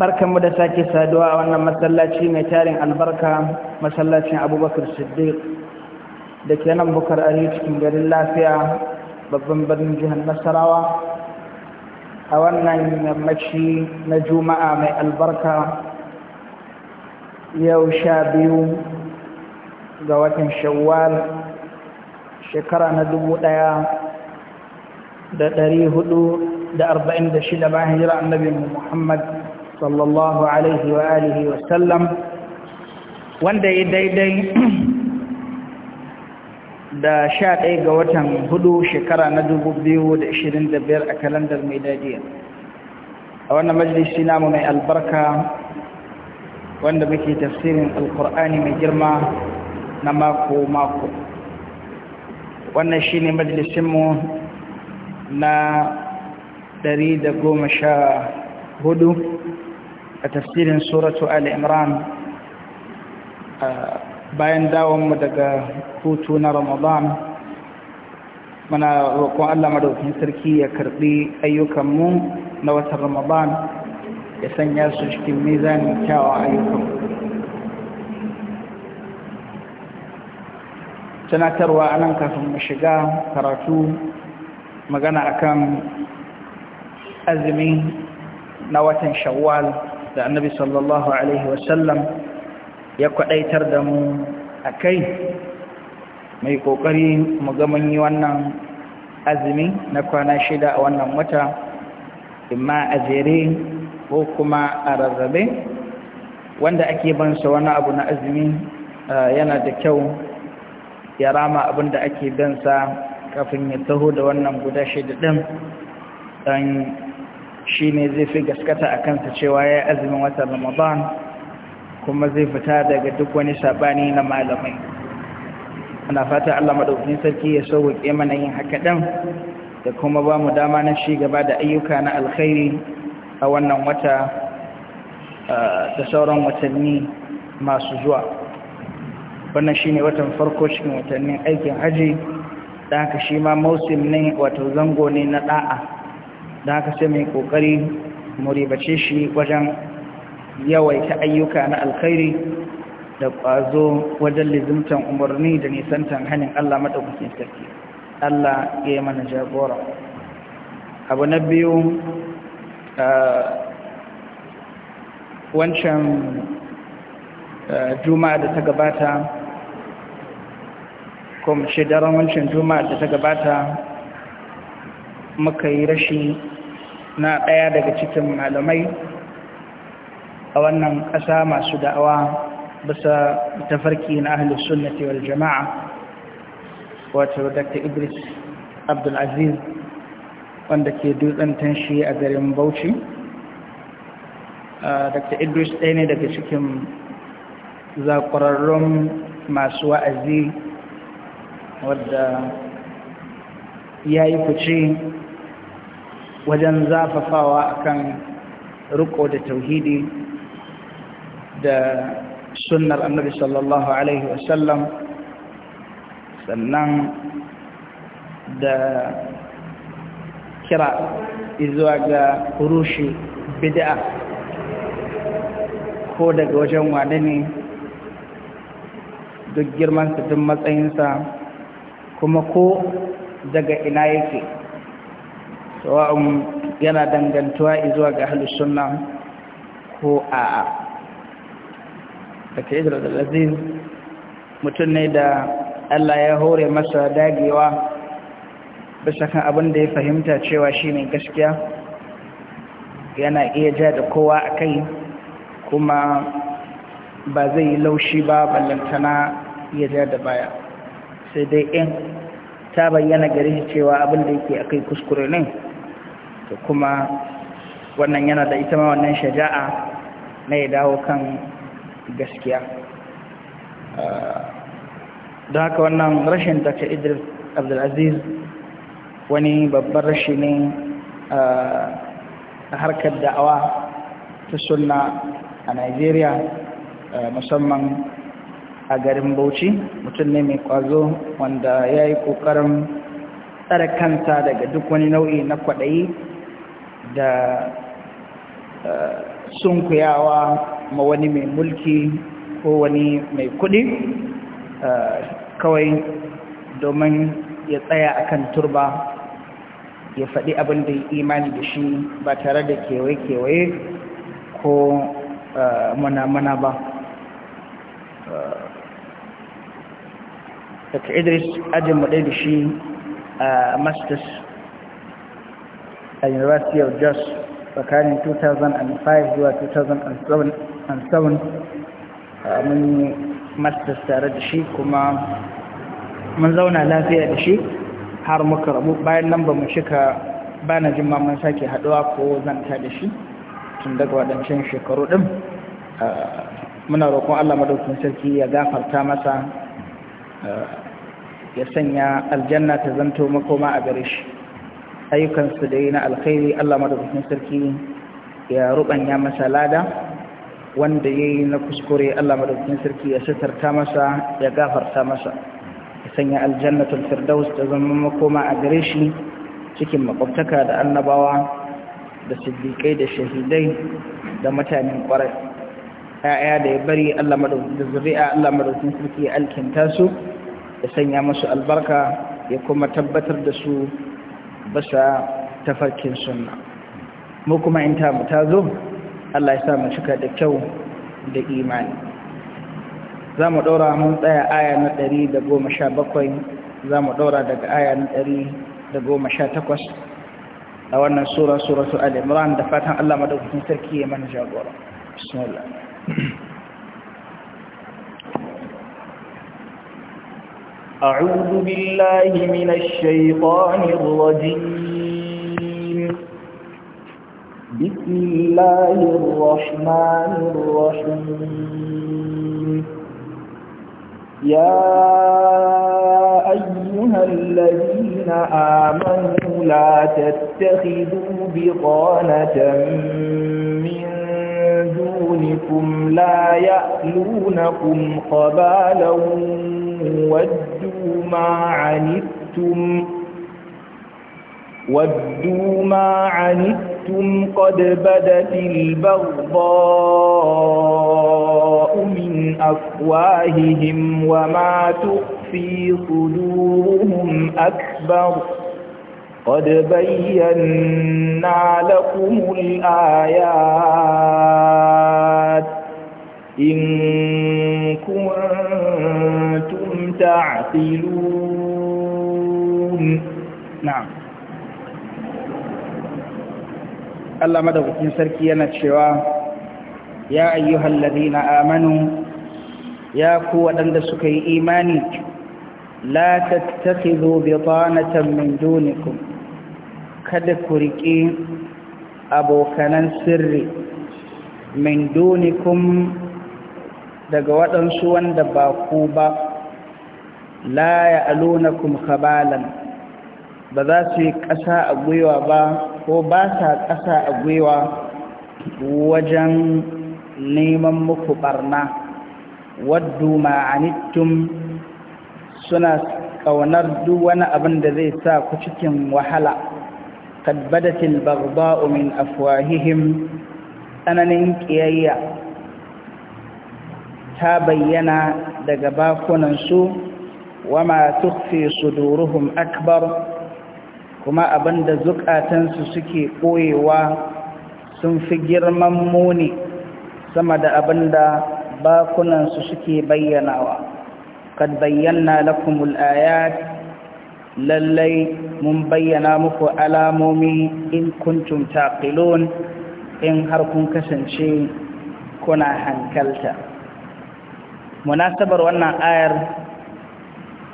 mu da sake saduwa a wannan masallaci mai tarin albarka masallacin abubakar siddiq da ke nan bukar ari cikin garin lafiya babban birnin jihar nasarawa a wannan yammaci na juma'a mai albarka yau sha biyu ga watan shawwal shekara na dubu ɗaya da ɗari hudu da arba'in da shida bayan hijira annabi muhammad sallallahu alaihi wa alihi wa sallam wanda ya daidai da sha ɗaya ga watan hudu shekara na dubu biyu da ishirin da biyar a kalandar mai maidadiya a wannan majalisi namu mai albarka wanda muke tafsirin alkur'ani mai girma na mako-mako wannan shi ne majalisinmu na ɗari da goma sha hudu a tafsirin suratu ali imran bayan dawonmu daga hutu na ramadan muna roƙon allah madaukin sarki ya karɓi ayyukanmu na watan ramadan ya sanya su cikin mizanin kyawun ayyukanmu tunatarwa a kafin mu shiga karatu magana akan azumi na watan shawwal da annabi sallallahu alaihi wasallam ya kwadaitar da mu a kai mai kokari mu ga manyi yi wannan azumi na kwana shida a wannan wata imma a jere ko kuma a rarrabe wanda ake bansa wani abu na azumi yana da kyau ya rama abin da ake bansa kafin ya taho da wannan guda shida ɗin don shi ne zai fi gaskata a kansa cewa ya azumin watan ramadan kuma zai fita daga duk wani sabani na malamai ana fata allah maɗaukin sarki ya sauwaƙe mana yin haka ɗin da kuma ba mu dama na shi gaba da ayyuka na alkhairi a wannan wata da sauran watanni masu zuwa wannan shi ne watan farko cikin watannin aikin hajji da haka shi ma mausim ne wato zango ne na ɗa'a da aka sai mai kokari muribace shi wajen yawaita ayyuka na alkhairi da ƙwazo wajen lizimtan umarni da nisantan hannun Allah maɗaukacin sarki Allah ya yi mana jagora abu na biyu wancan juma'a da ta gabata kuma shedaran wancan juma'a da ta gabata muka yi rashi na ɗaya daga cikin malamai a wannan ƙasa masu da'awa bisa tafarki na ahalus sunnati wal jama'a wato dr idris abdulaziz wanda ke dutsen tanshi a garin bauchi ah, dr idris ɗaya ne daga cikin zaƙwararrun masu wa'azi wadda ya yi fice wajen zafafawa akan riko da tauhidi da sunnar annabi sallallahu alaihi wasallam sannan da kira izuwa ga rushe bid'a ko daga wajen wane ne duk girmansa duk matsayinsa kuma ko daga ina yake sawa'un yana dangantuwa zuwa ga ahlus sunna ko a'a daga idar da lazim mutum ne da Allah ya hore masa dagewa bisa kan abin da ya fahimta cewa shi ne gaskiya yana iya ja da kowa a kai kuma ba zai yi laushi ba ballantana iya ja da baya sai dai in ta bayyana gari cewa abin da yake akai kuskure ne to kuma wannan yana da ita ma wannan shaja'a na ya dawo kan gaskiya ah, don haka wannan rashin dr idris abdulaziz wani babbar rashi ne ah, a harkar da'awa ta sunna a nigeria ah, musamman a garin bauchi mutum ne mai kwazo wanda ya yi kokarin tsare kanta daga duk wani nau'i na kwaɗayi da eh, sunkuyawa ma wani mai mulki ko wani mai kudi eh, kawai domin ya tsaya akan turba ya faɗi abin da ya imani da shi ba tare da kewaye-kewaye ko eh, mana-mana ba daga idris ajin ɗaya da shi a masters a university of jos tsakanin 2005 zuwa 2007 mun yi masters tare da shi kuma mun zauna lafiya da shi har muka rabu bayan nan ba mu shika bana na jin mun sake haduwa ko zanta da shi tun daga waɗancan shekaru ɗin muna roƙon allah madaukin sarki ya gafarta masa ya sanya aljanna ta zanto makoma a gare shi ayyukansu da yi na alkhairi Allah madaukakin sarki ya rubanya masa lada wanda ya yi na kuskure Allah madaukakin sarki ya sitarta masa ya gafarta masa ya sanya aljannatul firdaus ta zama makoma a gare shi cikin makwabtaka da annabawa da siddiƙai da shahidai da mutanen ƙwarai ya'ya da ya bari Allah madaukakin zuri'a Allah madaukakin sarki ya alkinta su ya sanya musu albarka ya kuma tabbatar da su basa tafarkin sunna mu kuma in ta ta zo Allah ya sa mu cika da kyau da imani za mu ɗora mun tsaya aya na ɗari da goma sha bakwai za mu ɗora daga aya na ɗari da goma sha takwas a wannan sura suratul al-imran da fatan Allah madaukakin sarki ya mana jagora bismillah أعوذ بالله من الشيطان الرجيم بسم الله الرحمن الرحيم يا أيها الذين آمنوا لا تتخذوا بطانة من دونكم لا يألونكم خبالا ودوا ما عنتم ودوا ما عنتم قد بدت البغضاء من أفواههم وما تخفي صدورهم أكبر قد بينا لكم الآيات إن كنتم تعقلون نعم الله مدوكين سركي ينتشوا يا أيها الذين آمنوا يا قوة دندسك إيماني لا تتخذوا بطانة من دونكم كدكركي abokanan sirri min dunikum daga waɗansu wanda ba ku ba la ya ya'lunakum khabalan ba za su yi ƙasa a gwiwa ba ko ba sa ƙasa a gwiwa wajen neman muku ɓarna, waddu ma'anittum suna ƙaunar duk wani abin da zai sa ku cikin wahala kad badatil baghdha'u min afwahihim tsananin ƙiyayya ta bayyana daga bakunansu wama tukfi suduruhum akbar kuma abinda zukatansu suke koyewa sun fi girman muni sama da abinda bakunansu suke bayyanawa kad bayyana lakumul ayat lallai mun bayyana muku alamomi in kuntum taqilun in har kun kasance kuna hankalta munasabar wannan ayar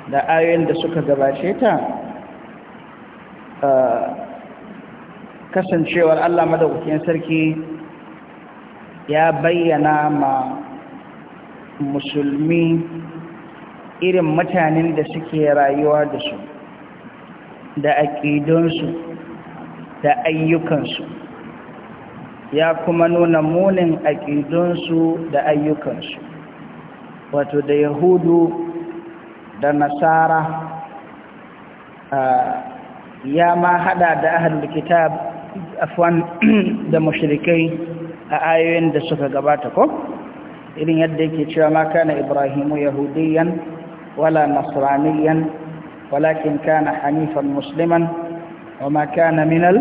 da ayoyin da suka gabace ta kasancewar Allah madaukakin sarki ya bayyana ma musulmi irin mutanen da suke rayuwa da su da aƙidunsu da ayyukansu ya kuma nuna munin aƙidunsu da ayyukansu wato da yahudu dan nasara ya ma hada da ahlul kitab afwan da mushrikai a ayoyin da suka gabata ko irin yadda yake cewa ma kana ibrahimu yahudiyan wala nasraniyan walakin kana hanifan musliman wama kana minal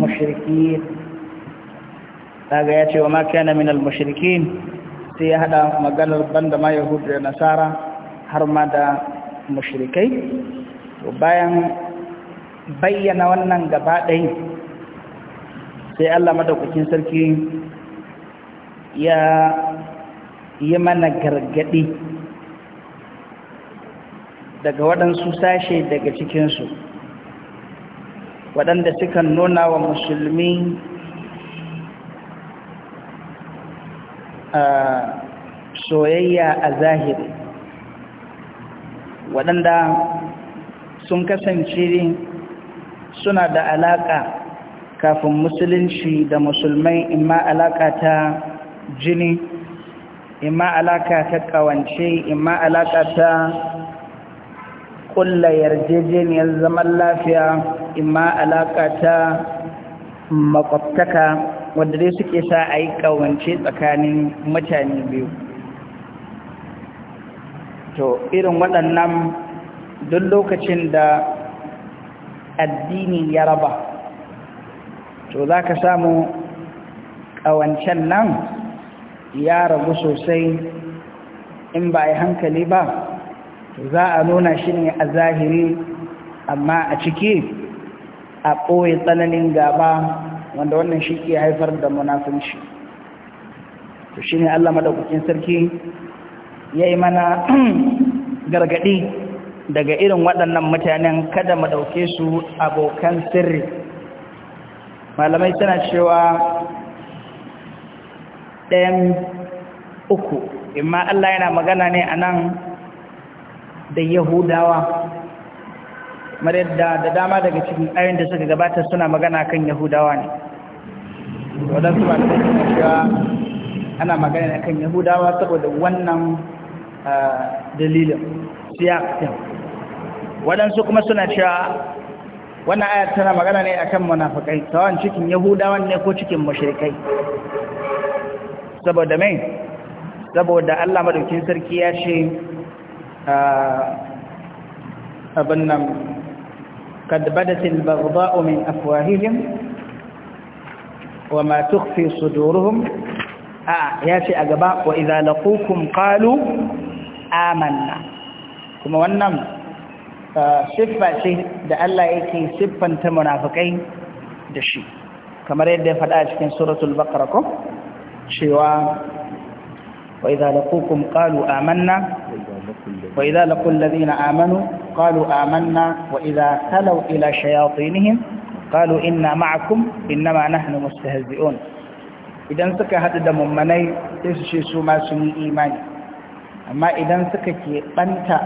mushrikin daga ya ce wama kana minal mushrikin sai ya hada maganar banda ma yahudu da nasara har ma da mushirikai, to bayan bayyana wannan gaba ɗaya, sai Allah madaukakin sarki ya yi mana gargaɗi daga waɗansu sashe daga cikinsu waɗanda suka nuna wa musulmi ah, soyayya a zahiri waɗanda sun kasance suna da alaƙa kafin musulunci da musulmai imma alaƙa ta jini imma alaƙa ta ƙawance imma alaƙa ta ƙulla yarjejeniyar zaman lafiya imma alaƙa ta makwabtaka wadda dai suke sa a yi ƙawance tsakanin mutane biyu to irin waɗannan duk lokacin da addini ya raba to za ka samu ƙawancen nan ya ragu sosai in ba a yi hankali ba to za a nuna shi ne a zahiri amma a ciki a ɓoye tsananin gaba wanda wannan shi ke haifar da munafunci to shi ne allah maɗaukakin sarki ya yi mana gargaɗi daga irin waɗannan mutanen kada mu ɗauke su abokan sirri malamai suna cewa ɗayan uku imma Allah yana magana ne a nan da yahudawa marar da dama daga cikin ayoyin da suka gabata suna magana kan yahudawa ne waɗansu ba da cewa ana magana kan yahudawa saboda wannan dalilin siyakin waɗansu kuma suna cewa wannan ayar tana magana ne akan manafakai tawan cikin yahudawan ne ko cikin mashirikai saboda mai saboda Allah madaukin sarki ya ce abin nan kad badatil min afwahihim wa ma tukhfi suduruhum a ya ce a gaba wa idza laqukum qalu amanna kuma wannan eh, siffa ce da Allah yake siffanta munafakai da shi kamar yadda ya faɗa a cikin suratul baqara ko cewa wa idza laqukum qalu amanna wa idza laqul ladina amanu qalu amanna wa idza khalaw ila shayatinihim qalu inna ma'akum innama nahnu mustahzi'un idan suka hadu da mummanai sai su ce su ma sun yi imani amma idan suka ɓanta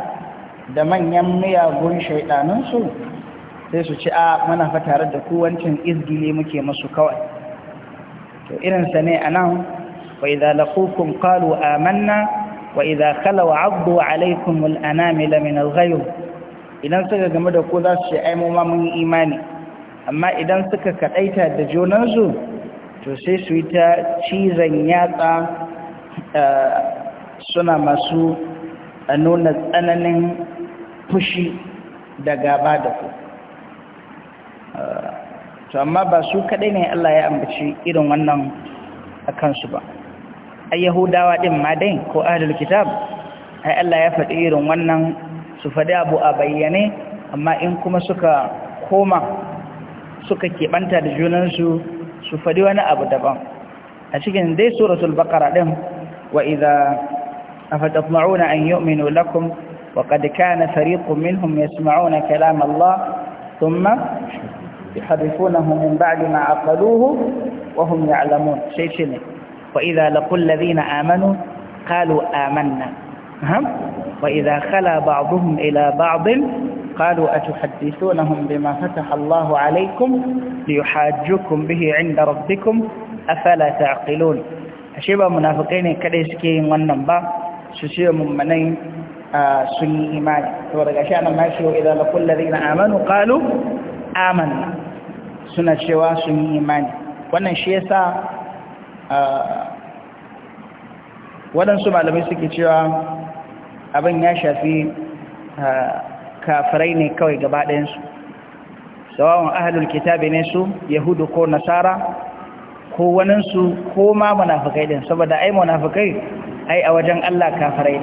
da manyan miyagun shaiɗanunsu sai su ci a mana fa tare da kuwancin izgili muke masu kawai to irinsa ne a nan wa idza laqukum qalu amanna wa idza khalaw abdu alaykum al anamila min al ghayb idan suka game da ku za su ce ai mu ma mun imani amma idan suka kadaita da junansu to sai su yi ta cizon yatsa eh, suna masu nuna tsananin fushi da gaba da ku ah, to amma ba su kaɗai ne Allah ya ambaci irin wannan a kansu ba a yahudawa ɗin ma dai ko Adal kitab ai Allah ya faɗi irin wannan su faɗi abu a bayyane amma in kuma suka koma suka keɓanta da junansu su faɗi wani abu daban a cikin dai suratul baƙara ɗin wa idza أفتطمعون أن يؤمنوا لكم وقد كان فريق منهم يسمعون كلام الله ثم يحرفونه من بعد ما عقلوه وهم يعلمون شيء شيء وإذا لقوا الذين آمنوا قالوا آمنا وإذا خلا بعضهم إلى بعض قالوا أتحدثونهم بما فتح الله عليكم ليحاجكم به عند ربكم أفلا تعقلون أشبه منافقين كده سكين ونبا su ce mummanai sun yi imani saboda shi anan ma shi wa idan la lalari na amanu kalu amanu suna cewa sun yi imani wannan shi yasa waɗansu malamai suke cewa abin ya shafi kafirai ne kawai gaba ɗayansu sawawan ahalul kitabe ne su yahudu ko nasara ko waninsu ko ma munafukai din saboda ai munafukai ai a wajen Allah kafirai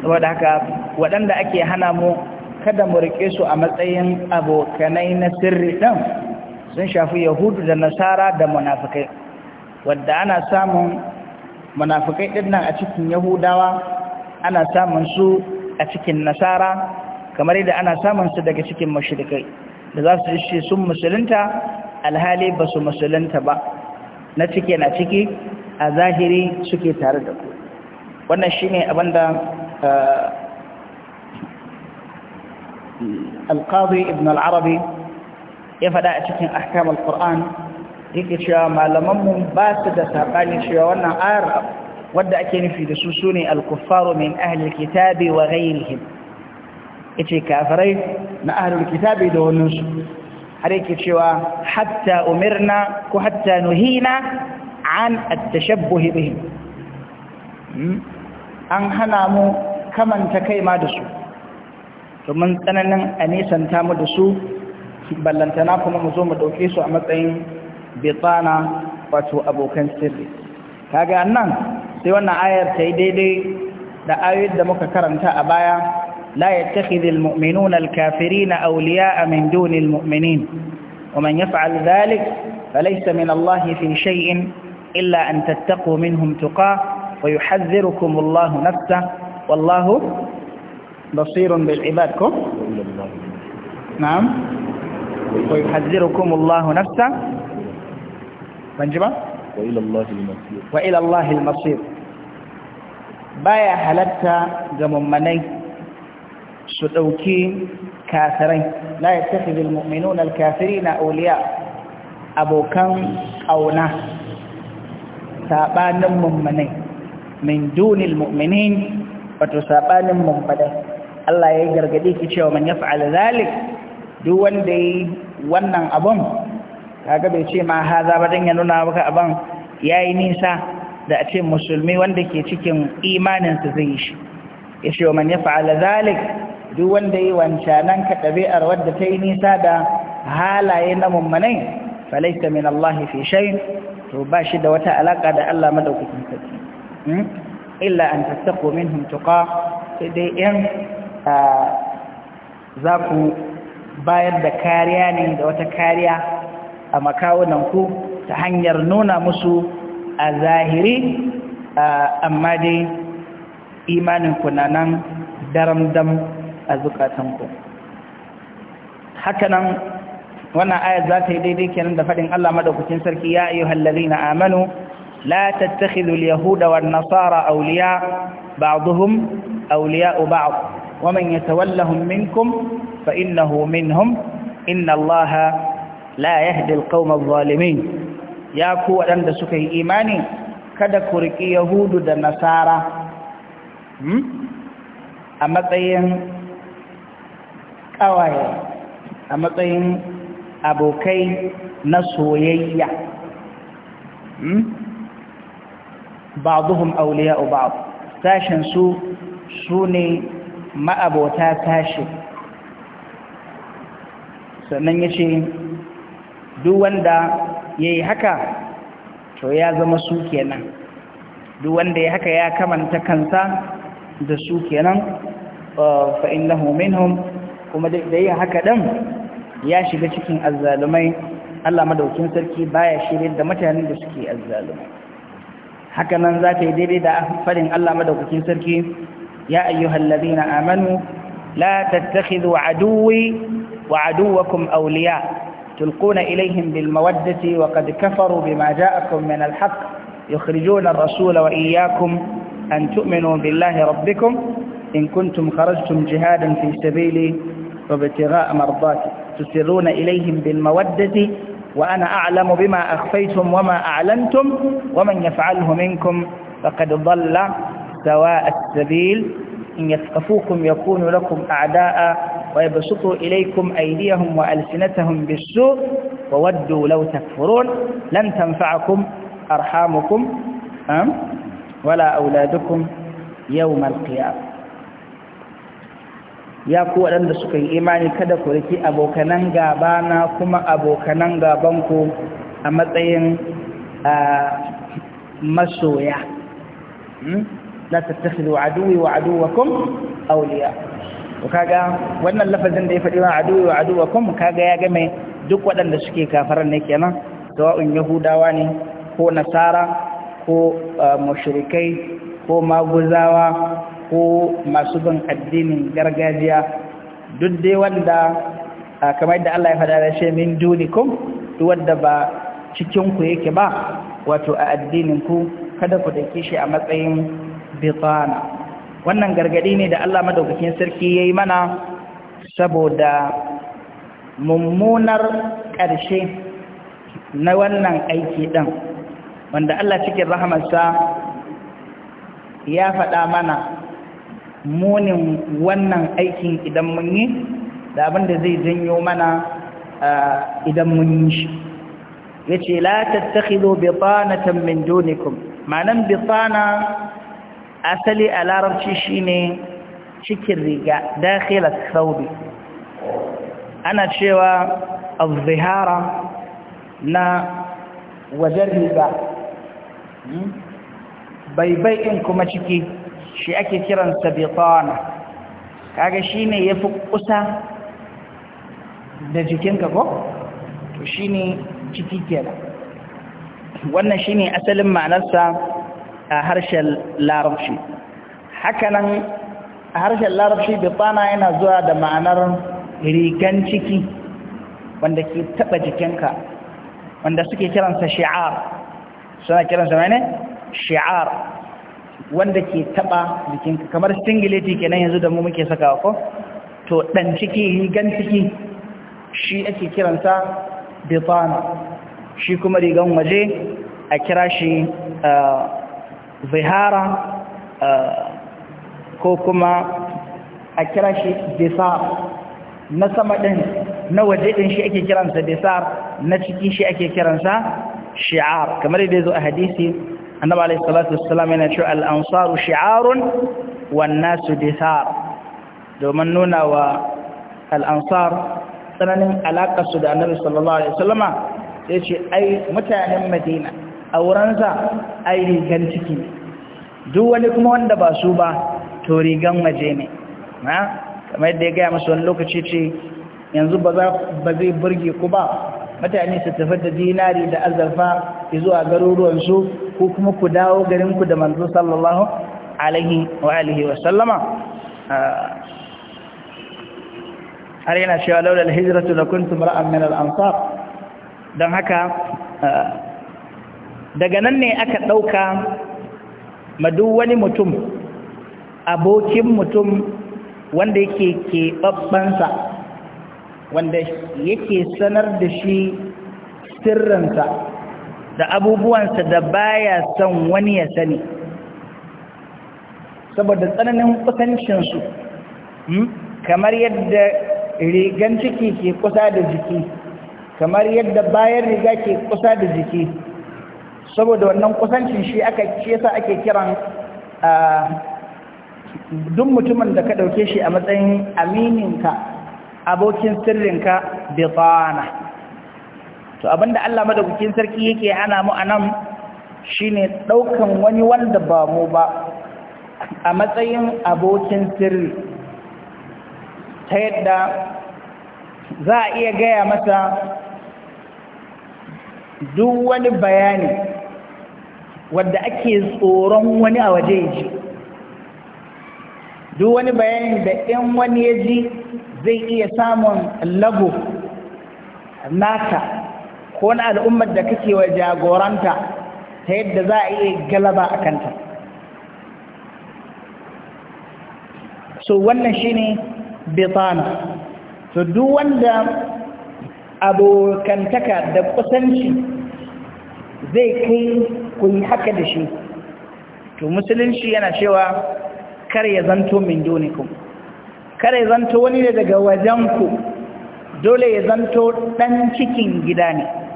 saboda haka waɗanda ake hana mu kada mu rike su a matsayin abokanai na sirri din sun shafi yahudu da nasara da munafikai wadda ana samun munafikai dinnan a cikin yahudawa ana samun su a cikin nasara kamar yadda ana samun su daga cikin mashirikai da za su ce sun musulunta alhali ba su musulunta ba na cike na ciki a zahiri suke tare da ku wannan shi ne abinda eh, alkazi ibn al'arabi ya faɗa a cikin ahkam al-qur'an yake cewa malamanmu ba su da saɓani cewa wannan ayar wadda ake nufi da su su ne al-kuffaru min ahlul kitabi wa ghairihim ce kafirai na ahlul kitabi da wannan su har yake cewa hatta umirna ko hatta nuhina an at-tashabbuh hmm? an hana mu kamanta kai ma da su domin tsananin anisanta mu da su ballantana kuma mu zo mu dauke su a matsayin bitana wato abokan sirri kaga nan sai wannan ayar ta yi daidai da ayoyin da muka karanta a baya la yattakhidhul mu'minuna al-kafirina awliya'a min dunil mu'minin wa man yaf'al dhalik falaysa min Allah fi إلا أن تتقوا منهم تقاه ويحذركم الله نفسه والله بصير بالعبادكم نعم ويحذركم الله نفسه بنجمة وإلى الله المصير وإلى الله المصير بايا حلتا ga mummanai كافرين لا يتخذ المؤمنون الكافرين أولياء أبو alkafiri أو ناس sabanin mummunai min dunil mu'minin wato sabanin mummunai Allah ya gargadi ki cewa man yaf'al zalik duk wanda yi wannan abun kaga bai ce ma haza ba dan ya nuna maka abun yayi nisa da a ce musulmi wanda ke cikin imaninsa zai yi shi ya ce wa man yaf'al zalik duk wanda yi wancanan ka ɗabi'ar wadda ta yi nisa da halaye na mummunai falaita min Allah fi shayin. to ba shi da wata alaƙa da Allah madaukakin sarki hmm? illa an tattaqu minhum tuqa sai dai in za ku bayar da kariya ne da wata kariya a makawunan ku ta hanyar nuna musu a zahiri amma dai imaninku na nan dam a zukatanku hakanan wannan ayat za ta yi daidai kenan da faɗin Allah madaukakin sarki ya ayu hallazina amanu la tattakhidhu al-yahuda wa nasara awliya ba'dhum awliya'u ba'd wa man yatawallahum minkum fa innahu minhum inna Allah la yahdi al-qawma adh-dhalimin ya ku wadanda suka yi imani kada ku riki yahudu da nasara hmm, a matsayin kawaye a matsayin abokai na soyayya hmm? ba'duhum awliya'u ba'd sashin su sune ma'abota tashi sannan ya yace duk wanda ya yi haka to ya zama su kenan duk wanda ya haka ya kamanta kansa da su kenan uh, fa kuma da yi haka ɗan ya shiga cikin azzalumai Allah madaukin sarki baya shirye da mutanen da suke azzalumai haka nan za ta yi daidai da farin Allah madaukin sarki ya ayyuhal ladina amanu la tattakhidhu aduwwi wa aduwwakum awliya tulquna ilayhim bil mawaddati wa qad kafaru bima ja'akum min al haqq yukhrijuna ar-rasula wa iyyakum an tu'minu billahi rabbikum in kuntum kharajtum jihadan fi sabili وابتغاء مرضاتي تسرون إليهم بالمودة وأنا أعلم بما أخفيتم وما أعلنتم ومن يفعله منكم فقد ضل سواء السبيل إن يثقفوكم يكونوا لكم أعداء ويبسطوا إليكم أيديهم وألسنتهم بالسوء وودوا لو تكفرون لن تنفعكم أرحامكم ولا أولادكم يوم القيامة ya ku waɗanda suka yi imani kada ku riki abokanan gaba na kuma abokanan gabanku a matsayin masoya hmm? la tattakhidu aduwi wa aduwakum awliya to kaga wannan lafazin da ya faɗi wa aduwi wa aduwakum kaga ya game duk waɗanda suke kafaran ne kenan sawa'un yahudawa ne ko nasara ko mushrikai ko maguzawa ko masu bin addinin gargajiya duk dai wanda kamar yadda Allah ya faɗa da shi min dunikum duk wanda ba cikin ku yake ba wato a addinin ku kada ku dake shi a matsayin bitana wannan gargadi ne da Allah madaukakin sarki yayi mana saboda mummunar ƙarshe na wannan aiki ɗin wanda Allah cikin rahamarsa ya faɗa mana munin wannan aikin idan mun yi da abin da zai janyo mana idan mun yi shi ya ce la tattakhidhu bitanatan min dunikum ma'anan bitana asali a larabci shine cikin riga dakhilat saudi ana cewa az na wajen riga hmm? baibai in kuma ciki shi ake kiransa bitana kaga shine yafi kusa da jikinka ko to shine ciki kenan wannan shine asalin ma'anarsa a harshen larabci hakanan a harshen larabci bitana yana zuwa da ma'anar rigan ciki wanda ke taba jikinka wanda suke kiransa shi'ar suna kiransa mene shi'ar wanda ke taba jikinka kamar singileti kenan yanzu da mu muke saka ko to dan ciki rigan ciki shi ake kiransa bitan shi kuma rigan waje a kira shi eh, zihara eh, ko kuma a kira shi disar na sama ɗin na waje ɗin shi ake kiransa disar na ciki shi ake kiransa shi'ar kamar yadda zo a hadisi annabi alaihi salatu wassalam yana cewa al-ansaru shi'arun wan nasu dithar domin nuna wa al-ansar tsananin alakar su da annabi sallallahu alaihi wasallama sai ce ai mutanen madina aurensa ai rigan ciki duk wani kuma wanda ba su ba to rigan waje ne na kamar yadda ya gaya masu wani lokaci ce yanzu ba zai burge ku ba mutane su tafi da dinari da azalfa zuwa garuruwansu ko kuma ku dawo ku da manzo sallallahu alaihi wa alihi wa sallama ah. har yana cewa laula alhijratu lakuntu mar'an min al-ansar dan haka ah, daga nan ne aka dauka madu wani mutum abokin mutum wanda yake keɓaɓɓansa wanda yake sanar da shi sirrinsa da abubuwansa da baya son wani ya sani saboda tsananin kusancinsu hmm, kamar yadda rigan ciki ke kusa da jiki kamar yadda bayan riga ke kusa da jiki saboda wannan kusancin shi aka ce sa ake kiran duk mutumin da ka ɗauke shi a matsayin amininka abokin sirrinka bitana to abinda Allah madaukakin sarki yake ana mu anan shine daukan wani wanda ba mu ba a matsayin abokin sirri ta yadda za a iya gaya masa duk wani bayani wadda ake tsoron wani a waje ji duk wani bayani da in wani ya ji zai iya samun lagu naka ko na al'ummar da kake wa jagoranta ta yadda za a iya galaba a kanta so wannan shine bitana to duk wanda abokantaka da kusanci zai kai ku yi haka da shi to musulunci yana cewa kar ya zanto min ku. kar ya zanto wani daga wajenku dole ya zanto ɗan cikin gida ne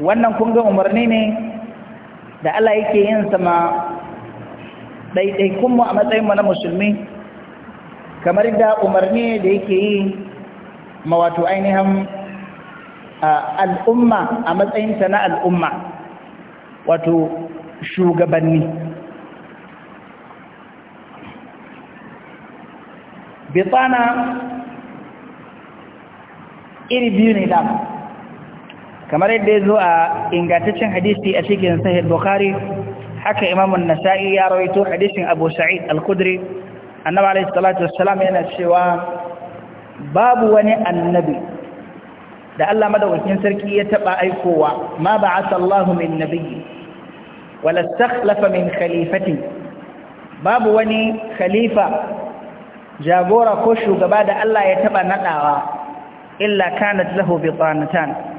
wannan kun ga umarni ne da Allah yake yin sama ɗaiɗaikunmu a matsayinmu na musulmi kamar da umarni da yake yi ma wato ainihin al'umma a matsayinta na al'umma wato shugabanni bitsana iri biyu ne da. kamar yadda ya zo a ingantaccen hadisi a cikin sahih bukari haka imamun nasa'i ya rawaito hadisin abu sa'id al-kudri annabi alaihi salatu wassalam yana cewa babu wani annabi da Allah madaukakin sarki ya taba aikowa ma ba'atha Allahu min nabiyyi wala istakhlafa min khalifati babu wani khalifa jagora ko shugaba da Allah ya taba nadawa illa kanat lahu bitanatan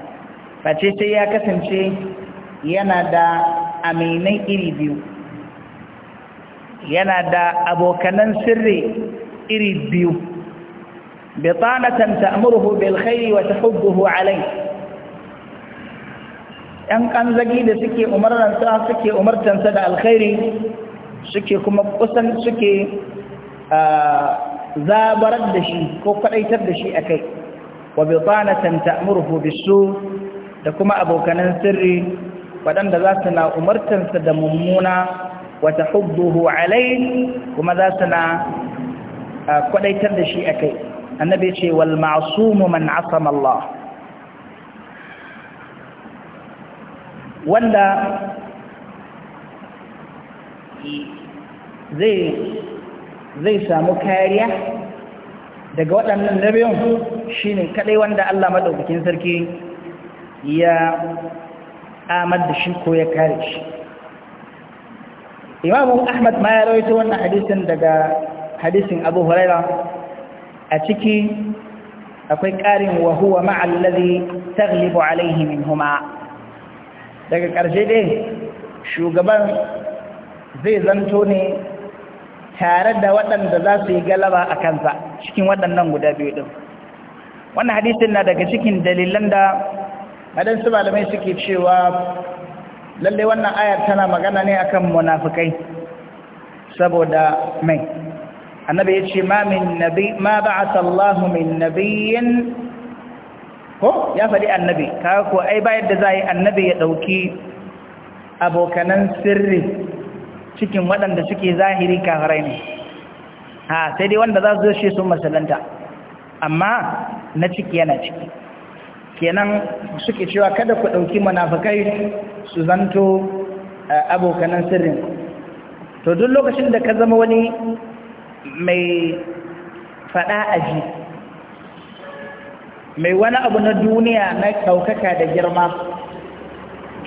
face sai ya kasance yana da aminai iri biyu yana da abokanan sirri iri biyu bitanatan ta'muruhu bil khairi wa tahubbuhu alayhi ‘yan ƙanzagi da suke umarnansa suke umartansa da alkhairi suke kuma kusan suke zabarar da shi ko faɗaitar da shi a kai wa bitanatan ta'muruhu bisu da kuma abokanan sirri waɗanda za su na umartansa da mummuna wata hubbuhu alai kuma za su na kwadaitar da shi a kai annabi ce wal ma'asumu man asama Allah wanda zai zai samu kariya daga waɗannan nabiyun shine kadai wanda Allah madaukakin sarki ya amad da shi ko ya kare shi imamu ahmad ma ya rawaito wannan hadisin daga hadisin abu huraira a ciki akwai karin wa huwa ma'allazi taglibu alaihi min huma daga karshe dai shugaban zai zanto ne tare da waɗanda za su yi galaba a kansa cikin waɗannan guda biyu ɗin wannan hadisin na daga cikin dalilan da waɗansu malamai suke cewa lalle wannan ayar tana magana ne akan munafikai saboda mai annabi ya ce ma min nabi ma ba'ata Allah min nabiyyin ko ya faɗi annabi kaga ko ai ba yadda zai annabi ya dauki abokanan sirri cikin waɗanda suke zahiri kafirai ne ha sai dai wanda za su zo shi sun masalanta amma na ciki yana ciki kenan suke cewa kada ku ɗauki munafikai su zanto eh, abokanan sirrin to duk lokacin da ka zama wani mai faɗa aji mai wani abu na duniya na ɗaukaka da girma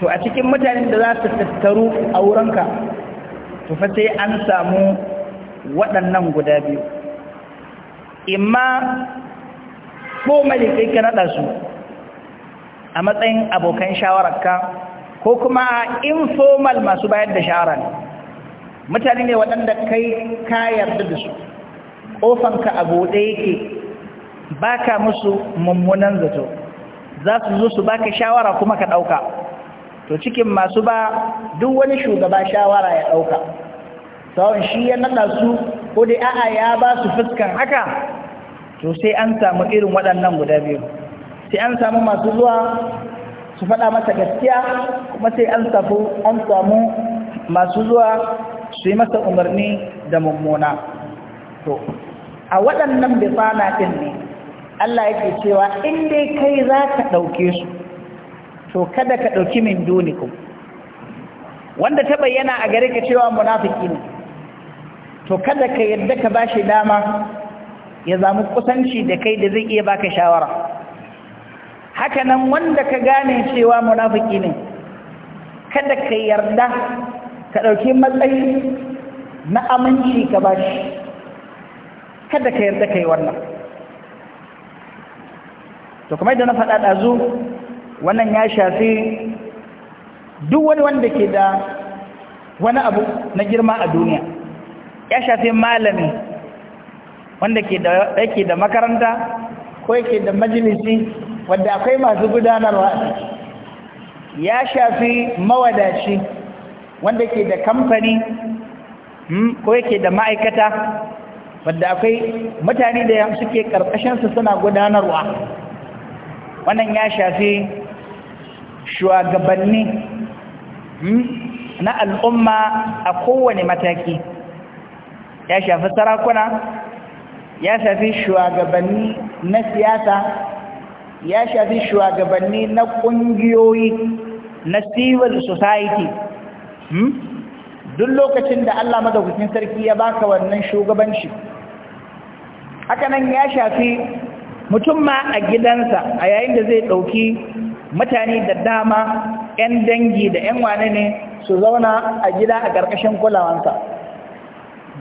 to a cikin mutanen da za su tattaru a wurinka to fa sai an samu waɗannan guda biyu imma ko mai kai naɗa su a matsayin abokan shawararka ko kuma informal masu bayar da shawara ne mutane ne waɗanda kai ka yarda da su ka a buɗe yake ba ka musu mummunan zato za su zo su baka shawara kuma ka ɗauka to cikin masu ba duk wani shugaba shawara ya ɗauka tsawon shi ya naɗa su ko dai a'a ya ba su fuskan haka to sai an samu irin waɗannan guda biyu sai an samu masu zuwa su faɗa masa gaskiya kuma sai an samu an samu masu zuwa su yi masa umarni da mummuna to a waɗannan bifana ɗin ne Allah yake cewa in dai kai za ka ɗauke su to kada ka ɗauki min ku. wanda ta bayyana a gare ka cewa munafiki ne to kada ka yadda ka ba shi dama ya zamu kusanci da kai da zai iya baka shawara haka nan wanda ka gane cewa munafiki ne kada ka yarda ka ɗauki matsayi na aminci ka ba shi kada ka yarda ka yi wannan to kuma yadda na faɗa ɗazu wannan ya shafi duk wani wanda ke da wani abu na girma a duniya ya shafi malami wanda yake da makaranta ko yake da majalisi wadda akwai masu gudanarwa ya shafi mawadaci wanda ke da kamfani hmm, ko yake da ma'aikata wadda akwai mutane da suke karkashinsu suna gudanarwa wannan ya shafi shugabanni hmm, na al'umma a kowane mataki ya shafi sarakuna ya shafi shugabanni na siyasa ya shafi shugabanni na ƙungiyoyi na civil society hmm? duk lokacin da Allah madaukakin sarki ya baka wannan shugabanci nan ya shafi mutum ma a gidansa a yayin da zai ɗauki mutane da dama 'yan dangi da 'yan wane ne su zauna a gida a ƙarƙashin kulawansa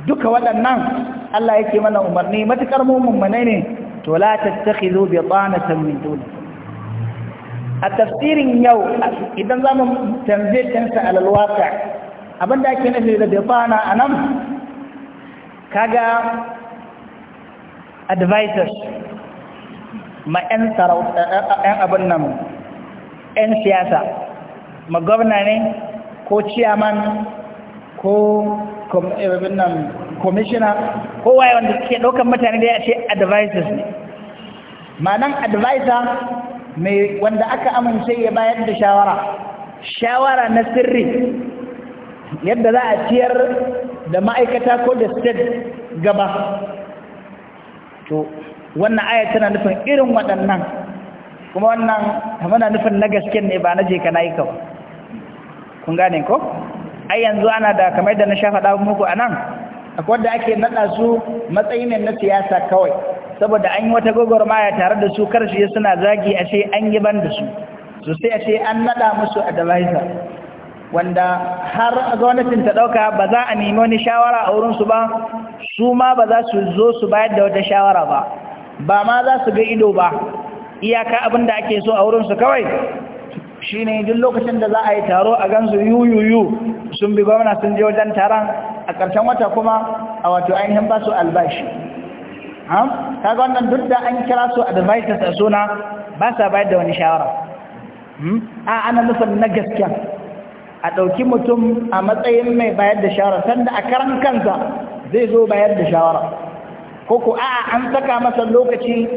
duka waɗannan Allah yake mana umarni matuƙar mummune ne to la tattakhidhu bitanatan min dun a tafsirin yau idan zamu tambaye kansa alal waqi' abinda ake nufi da bitana anan kaga advisors ma 'yan sarauta 'yan 'yan siyasa ma gwamna ne ko ciyaman ko eh, abin commissioner kowaye wanda suke ɗaukan mutane da ya ce advisors ne ma'anan advisor mai wanda aka amince ya bayar da shawara shawara na sirri yadda za a ciyar da ma'aikata ko da state gaba to wannan aya tana nufin irin waɗannan kuma wannan na nufin na gaske ne ba na je ka na'ika ba, kun gane ko ai yanzu ana da kamar da na shafa faɗa muku a nan akwai da ake naɗa su matsayin na siyasa kawai saboda an yi wata maya, tare da su karshe suna zagi a ce an yi ban da su su sai a ce an naɗa musu advisor wanda har gwamnatin ta ɗauka ba za a nemi wani shawara a wurinsu ba su ma ba za su zo su bayar da wata shawara ba ba ma za su ga ido ba iyaka abin da ake so a wurinsu kawai shine duk lokacin da za a yi taro a gansu yuyuyu sun bi gwamna sun je wajen taron a ƙarshen wata kuma a wato ainihin ba su albashi ga wannan duk da an kira su advisors a suna ba sa bayar da wani shawara hmm? a ana nufin na gaskiya a ɗauki mutum a matsayin mai bayar da shawara sanda a karan kansa zai zo bayar da shawara ko ko a'a an saka masa lokaci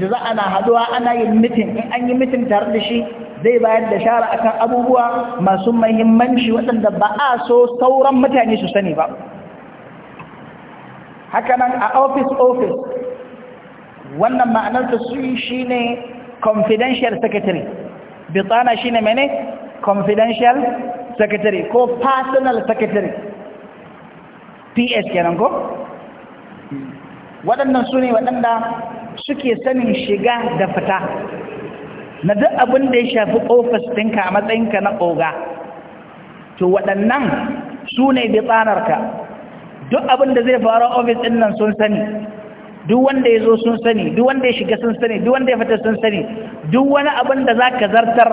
da za ana haduwa ana yin mitin in an yi mitin tare da shi zai bayar da shara akan abubuwa masu mahimmanci waɗanda ba a so sauran mutane su sani ba hakanan a office office wannan ma'anarsa su shi ne confidential secretary Bitsana shi ne mene confidential secretary ko personal secretary ps kenan ko waɗannan su ne waɗanda suke sanin shiga da fita na duk abin da ya shafi ofis ɗinka a matsayinka na ƙoga to waɗannan su ne bitsanarka duk abin da zai faru ofis ɗin nan sun sani duk wanda ya zo sun sani duk wanda ya shiga sun sani duk wanda ya fita sun sani duk wani abin da za ka zartar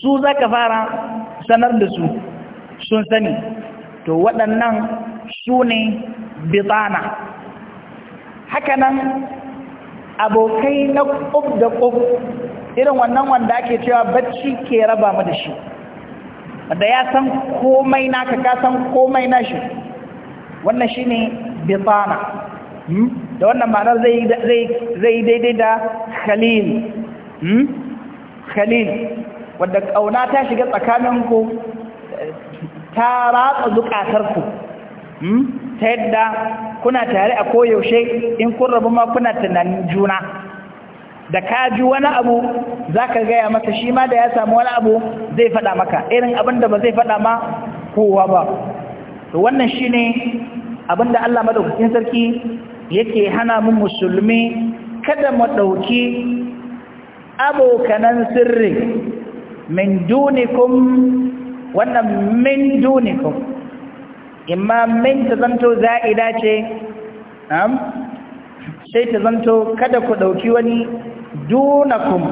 su za ka fara sanar da su sun sani to waɗannan su ne bitana hakanan abokai na ƙub da ƙub irin wannan wanda ake cewa bacci ke raba mu da shi wanda ya san komai naka ka san komai nashi wannan shine bitana hmm? da wannan ma'anar zai zai daidai da khalil hmm? khalil wanda kauna ta shiga tsakaninku ta ratsa zukatarku hmm? ta yadda kuna tare a koyaushe in kun rabu ma kuna tunanin juna da ka ji wani abu za ka gaya masa shi ma da ya samu wani abu zai faɗa maka irin abin da ba zai faɗa ma kowa ba to wannan shi ne abin da Allah madaukakin sarki yake hana mu musulmi kada mu ɗauki abokanan sirri min dunikum wannan min dunikum imma min ta zanto za'ida ce sai ta zanto kada ku ɗauki wani dunakum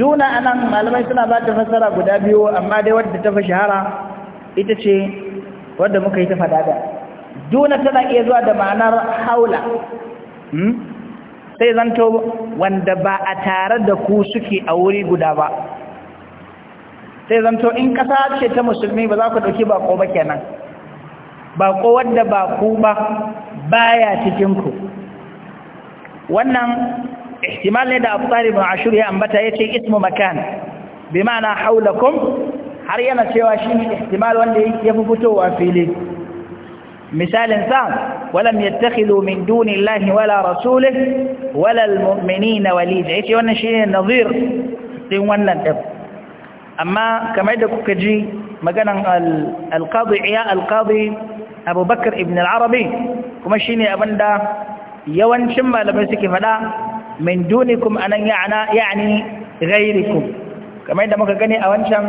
duna anan malamai suna ba ta fassara guda biyu amma dai wadda ta fi shahara ita ce wadda muka yi ta fada da duna tana iya zuwa da ma'anar haula hmm? sai zanto wanda ba a tare da ku suke a wuri guda ba sai zanto in ƙasa ce ta musulmi ba za ku ɗauki baƙo ba kenan baƙo wadda ba ku ba baya ku wannan ihtimal ne da abu tsari bin ashur ya ambata ya ce ismu makan bai ma'ana haula haulakum har yana cewa shi ne ihtimal wanda ya ya fi fitowa fili misalin sa walam yattakhilu min wala rasulihi wala almu'minina walida yace wannan shine nazir din wannan din amma kamar da kuka ji maganan al-qadi iya al abubakar ibn al-arabi kuma shine abinda yawancin malamai suke faɗa. min dunikum anan ya'na yani ghayrikum kamar yadda muka gani a wancan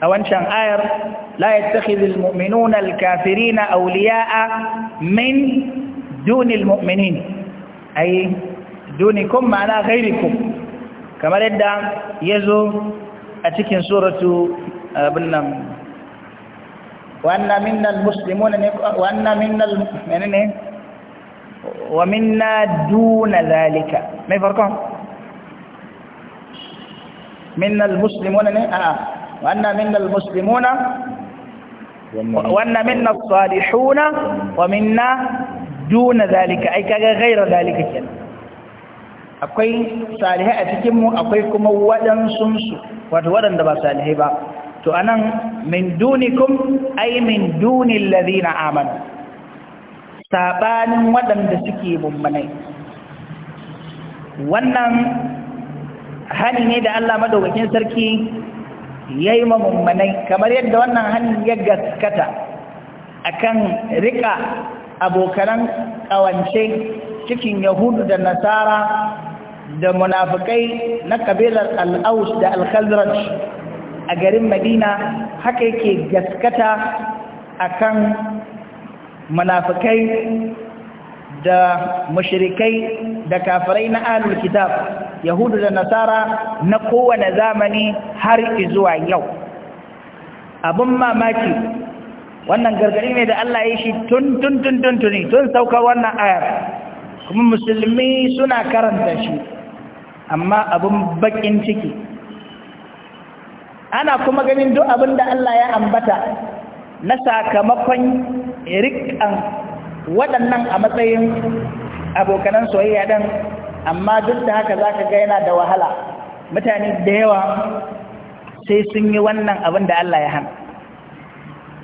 a wancan ayar la yattakhidhul mu'minuna al-kafirina awliya'a min dunil mu'minin ay dunikum ma'ana ghayrikum kamar yadda yazo a cikin suratu abin nan wa anna minnal muslimuna wa anna minnal menene wa duna zalika mai farkon minna almuslimuna ne a wannan minna almuslimuna wannan minna salihuna wa minna duna zalika ai kaga gaira zalika kenan akwai salihai a cikin mu akwai kuma waɗansu su wato waɗanda ba salihai ba to anan min dunikum ay min dunil ladina saɓanin waɗanda suke mummanai wannan hani ne da Allah madaukakin sarki ya yi mummanai kamar yadda wannan hani ya gaskata akan riƙa abokanan ƙawance cikin yahudu da nasara da munafukai na kabilar al'aus da al a garin madina haka yake gaskata akan munafikai da mushrikai da kafirai na ahlul kitab yahudu da nasara na kowane zamani har zuwa yau abun mamaki wannan gargari ne da Allah ya shi tun tun tun tun tun tun saukar wannan ayar kuma musulmi suna karanta shi amma abun bakin ciki ana kuma ganin duk abin da Allah ya ambata na sakamakon rikan waɗannan a matsayin abokanan soyayya ɗan amma duk da haka za ka gaina da wahala mutane da yawa sai sun yi wannan abin da Allah ya hana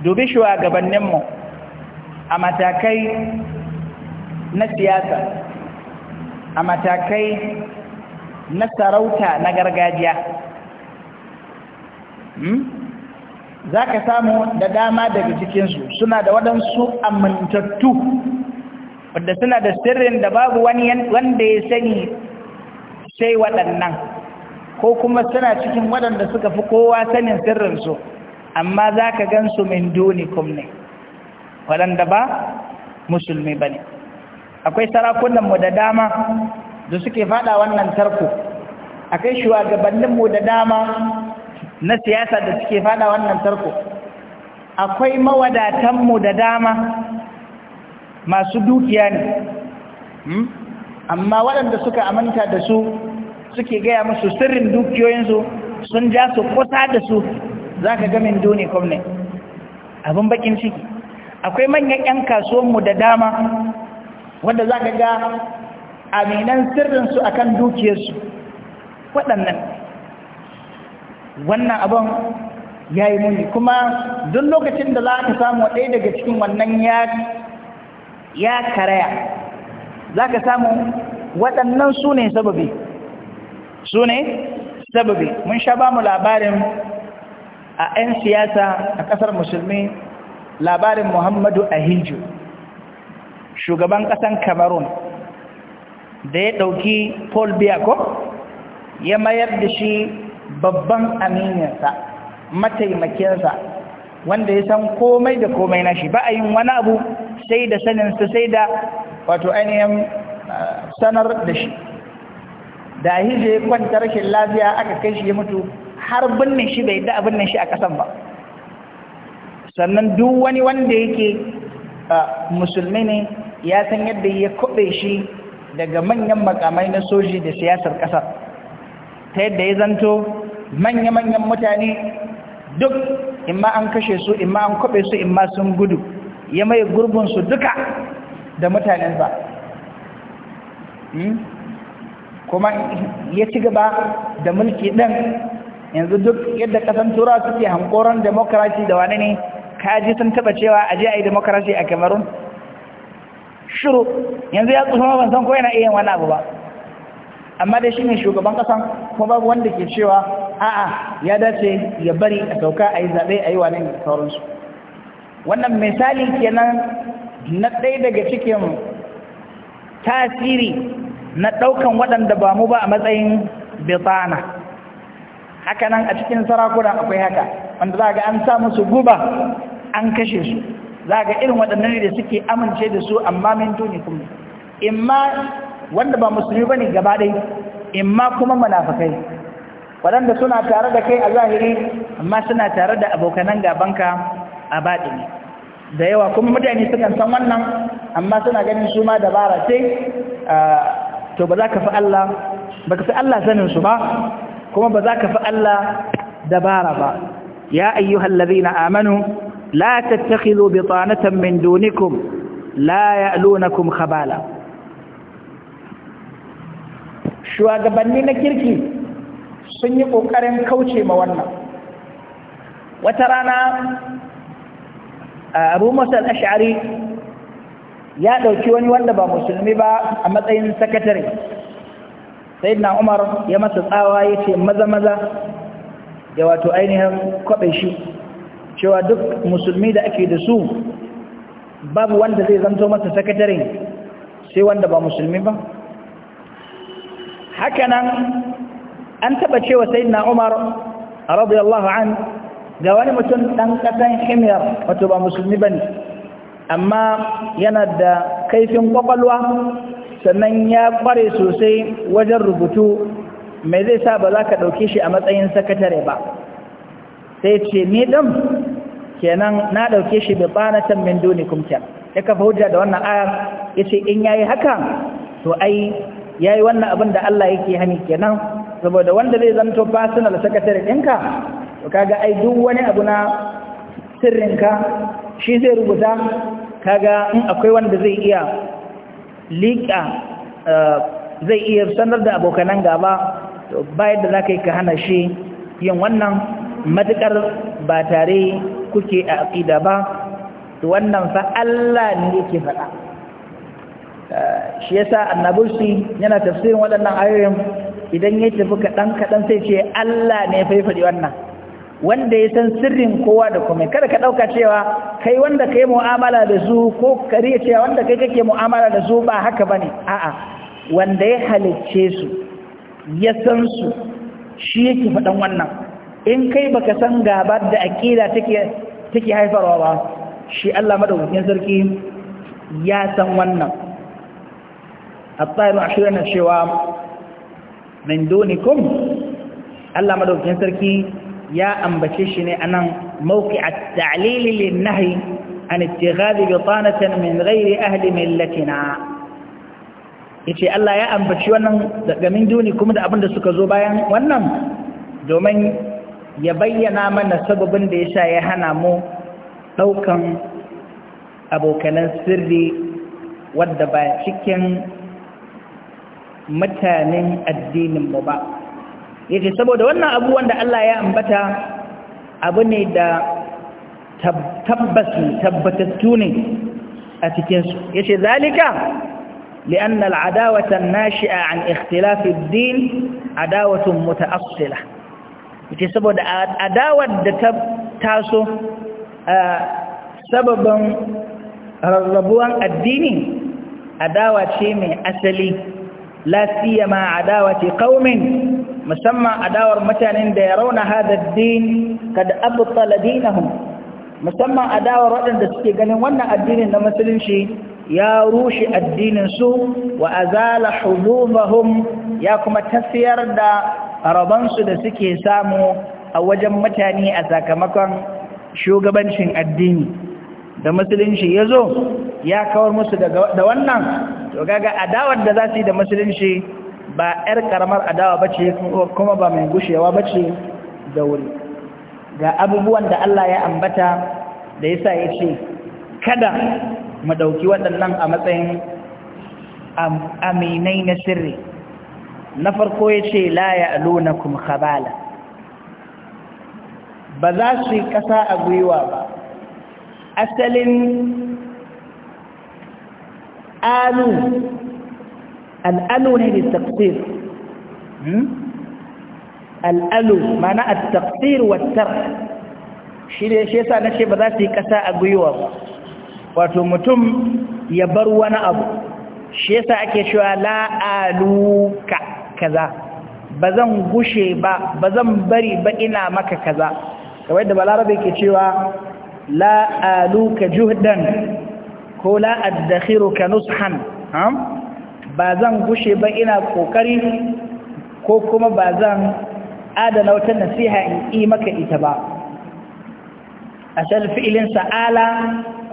dubi gabaninmu, a matakai na siyasa a matakai na sarauta na gargajiya hmm? za ka samu da dama daga cikinsu suna da waɗansu amintattu wadda suna da sirrin da babu wanda ya sani sai waɗannan ko kuma suna cikin waɗanda suka fi kowa sanin sirrinsu amma za ka gan su min dunikum ne waɗanda ba musulmi ba ne akwai sarakunanmu da dama da suke faɗa wannan tarko akwai shugabanninmu da dama na siyasa da suke fada wannan tarko akwai mawadatanmu da dama masu dukiya ne hmm? amma waɗanda suka amanta da su suke gaya musu sirrin dukiyoyinsu sun ja su kusa da su za ka gamin duni kwamne abin bakin ciki akwai manyan 'yan kasuwanmu da dama wanda za ka ga aminan sirrinsu a kan dukiyarsu waɗannan wannan abin ya yi muni kuma duk lokacin da za ka samu ɗaya daga cikin wannan ya karaya za ka samu waɗannan su ne sababi su ne sababi mun sha ba mu labarin a 'yan siyasa a ƙasar musulmi labarin muhammadu ahiju shugaban ƙasan cameroon da ya ɗauki paul biya ko ya mayar da shi babban amininsa mataimakinsa wanda ya san komai da komai na shi ba a yin wani abu sai da saninsa sai da wato ainihin ah, sanar da shi da hije kwanta rashin lafiya aka kai shi ya mutu har binne shi bai da binne shi a kasan ba sannan duk wani wanda yake ah, musulmi ne ya san yadda ya kobe shi daga manyan makamai na soji da siyasar kasar ta yadda ya zanto manya-manyan mutane duk imma an kashe su imma an kwabe su imma sun gudu ya mai gurbinsu duka da mutanen ba. Hmm? kuma ya ci gaba da mulki ɗin yanzu duk yadda ƙasan tura suke hankoron demokarasi da wani ne kaji sun taɓa cewa aje a yi demokarasi a kamarun shiru yanzu ya tsufa ban san ko yana iya wani abu ba amma dai shi ne shugaban ƙasan, kuma babu wanda ke cewa a'a ya dace ya bari a sauka a yi zaɓe a yi wane da sauransu wannan misali kenan na ɗaya daga cikin tasiri na ɗaukan waɗanda ba mu ba a matsayin bitana haka nan a cikin sarakuna akwai haka wanda za ga an sa musu guba an kashe su za ga irin waɗannan da suke amince da su amma min kuma ma. wanda ba musulmi bane gaba dai imma kuma munafikai waɗanda suna tare da kai a zahiri amma suna tare da abokanan gabanka a baɗini da yawa kuma mutane sukan san wannan amma suna ganin su ma dabara ce to ba za ka fi Allah ba ka fi Allah su ba kuma ba za ka fi Allah dabara ba ya ayyuhal ladina amanu la tattakhidhu bitanatan min dunikum la ya'lunakum khabala shugabanni na kirki sun yi ƙoƙarin kauce ma wannan wata rana abu al ash'ari ya ɗauki wani wanda ba musulmi ba a matsayin sakatare sai na umar ya masa tsawa ya ce maza-maza ya wato ainihin shi cewa duk musulmi da ake da su babu wanda zai zanto masa sakatare sai wanda ba musulmi ba hakanan an taɓa cewa sayyidina umar radiyallahu an ga wani mutum ɗan ƙasan himiyar wato ba musulmi ba ne amma yana da kaifin ƙwaƙwalwa sannan ya ƙware sosai wajen rubutu mai zai sa ba za ka ɗauke shi a matsayin sakatare ba sai ce ni ɗin kenan na ɗauke shi bai ɓanatan min duni kumken ya kafa hujja da wannan ayar ya ce in yayi haka to ai ya yi wannan abin da Allah yake hani kenan saboda wanda zai zanto personal secretary ɗinka to kaga ai duk wani abu na sirrinka shi zai rubuta kaga in akwai wanda zai iya liƙa eh, zai iya sanar da abokanan gaba to bayan da za ka yi ka hana shi yin wannan matuƙar ba tare kuke a aƙida ba to wannan fa Allah ne yake faɗa Eh, shi yasa annabursi yana tafsirin waɗannan ayoyin idan ya tafi kaɗan kaɗan sai ce Allah ne faifaɗi wannan wanda ya san sirrin kowa da kuma kada ka ɗauka cewa kai wanda ka yi mu'amala da su ko kariya cewa wanda kai kake mu'amala da su ba haka ba ne. a'a wanda ya halicce su ya san su shi yake faɗan wannan in kai baka san gaba da aƙida take take haifarwa ba shi Allah madaukakin sarki ya san wannan hatta yana cewa min dunikum Allah madaukakin sarki ya ambace shi ne anan mawqi'at ta'lil lin-nahy an ittighadi bitanatan min ghairi ahli millatina yace Allah ya ambaci wannan daga min dunikum da abinda suka zo bayan wannan domin ya bayyana mana sababin da yasa ya hana mu daukan abokanan sirri wadda ba cikin mutanen addininmu ba yace saboda wannan abubuwan da Allah ya ambata abu ne da tabbas tabbatattu ne a cikinsu yace zalika لأن العداوة nashi'a an اختلاف الدين عداوة متأصلة yake saboda adawar da ta taso a sababin rarrabuwan addini adawa ce mai asali la ma adawati qaumin musamman adawar mutanen da ya rauna hada din kad abtala dinahum musamman adawar waɗanda suke ganin wannan addinin na musulunci ya rushe addinin su wa azala hudumahum ya kuma tafiyar da rabansu da suke samu a wajen mutane a sakamakon shugabancin addini da musulunci ya zo ya kawar musu da wannan to gaga adawar da za su yi da musulunci ba 'yar karamar adawa ba ce kuma ba mai gushewa ba ce da wuri ga abubuwan da Allah ya ambata da ya sa ya ce kada mu ɗauki waɗannan a matsayin aminai na sirri na farko ya ce la ya aluna kuma habala. ba za su yi ƙasa a gwiwa ba asalin anu al'anu ne da tafsir al'alu mana a tafsir wattar shi ne shi yasa na ba za su yi ƙasa a gwiwa wato mutum ya bar wani abu shi yasa ake cewa ka kaza ba zan gushe ba ba zan bari ba ina maka kaza kamar da balarabe ke cewa ka juhdan ko la addakhiruka nushan ba zan gushe ba ina kokari ko kuma ba zan adana wata nasiha in yi maka ita ba asal fi'ilin sa'ala